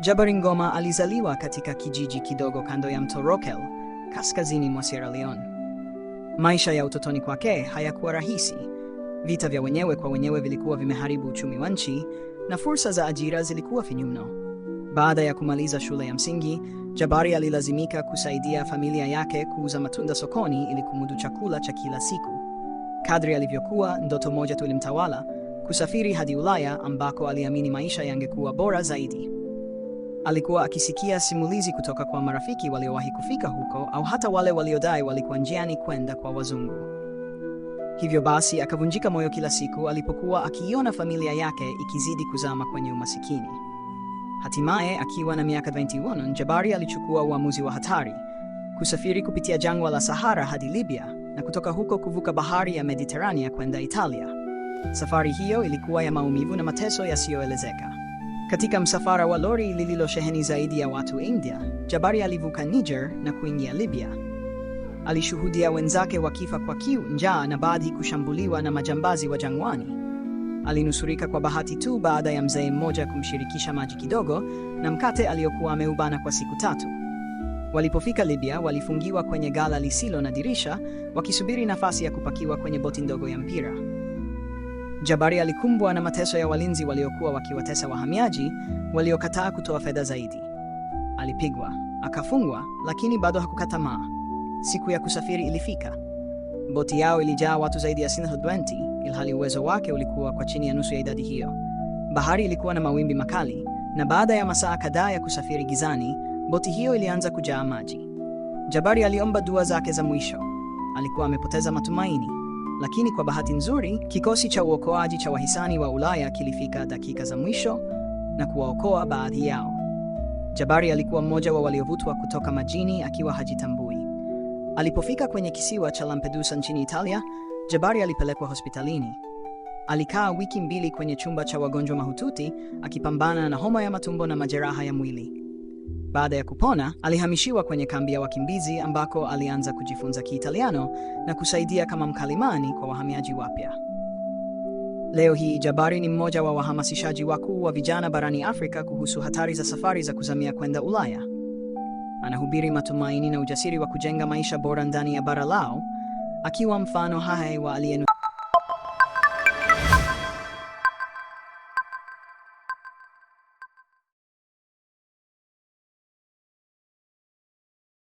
Jabari Ngoma alizaliwa katika kijiji kidogo kando ya mto Rokel, kaskazini mwa Sierra Leone. Maisha ya utotoni kwake hayakuwa rahisi. Vita vya wenyewe kwa wenyewe vilikuwa vimeharibu uchumi wa nchi na fursa za ajira zilikuwa finyu mno. Baada ya kumaliza shule ya msingi, Jabari alilazimika kusaidia familia yake kuuza matunda sokoni ili kumudu chakula cha kila siku. Kadri alivyokuwa, ndoto moja tu ilimtawala: kusafiri hadi Ulaya ambako aliamini maisha yangekuwa bora zaidi. Alikuwa akisikia simulizi kutoka kwa marafiki waliowahi kufika huko au hata wale waliodai walikuwa njiani kwenda kwa wazungu. Hivyo basi akavunjika moyo kila siku alipokuwa akiiona familia yake ikizidi kuzama kwenye umasikini. Hatimaye akiwa na miaka 21, Jabari alichukua uamuzi wa hatari, kusafiri kupitia jangwa la Sahara hadi Libya na kutoka huko kuvuka bahari ya Mediterania kwenda Italia. Safari hiyo ilikuwa ya maumivu na mateso yasiyoelezeka. Katika msafara wa lori lililosheheni zaidi ya watu India, Jabari alivuka Niger na kuingia Libya. Alishuhudia wenzake wakifa kwa kiu, njaa na baadhi kushambuliwa na majambazi wa jangwani. Alinusurika kwa bahati tu baada ya mzee mmoja kumshirikisha maji kidogo na mkate aliyokuwa ameubana kwa siku tatu. Walipofika Libya, walifungiwa kwenye gala lisilo na dirisha, wakisubiri nafasi ya kupakiwa kwenye boti ndogo ya mpira. Jabari alikumbwa na mateso ya walinzi waliokuwa wakiwatesa wahamiaji waliokataa kutoa fedha zaidi. Alipigwa, akafungwa, lakini bado hakukata tamaa. Siku ya kusafiri ilifika. Boti yao ilijaa watu zaidi ya 120 ilhali uwezo wake ulikuwa kwa chini ya nusu ya idadi hiyo. Bahari ilikuwa na mawimbi makali, na baada ya masaa kadhaa ya kusafiri gizani, boti hiyo ilianza kujaa maji. Jabari aliomba dua zake za mwisho. Alikuwa amepoteza matumaini lakini kwa bahati nzuri kikosi cha uokoaji cha wahisani wa Ulaya kilifika dakika za mwisho na kuwaokoa baadhi yao. Jabari alikuwa mmoja wa waliovutwa kutoka majini akiwa hajitambui. Alipofika kwenye kisiwa cha Lampedusa nchini Italia, Jabari alipelekwa hospitalini. Alikaa wiki mbili kwenye chumba cha wagonjwa mahututi akipambana na homa ya matumbo na majeraha ya mwili. Baada ya kupona, alihamishiwa kwenye kambi ya wakimbizi ambako alianza kujifunza Kiitaliano na kusaidia kama mkalimani kwa wahamiaji wapya. Leo hii Jabari ni mmoja wa wahamasishaji wakuu wa vijana barani Afrika kuhusu hatari za safari za kuzamia kwenda Ulaya. Anahubiri matumaini na ujasiri wa kujenga maisha bora ndani ya bara lao, akiwa mfano hai wa aliyenu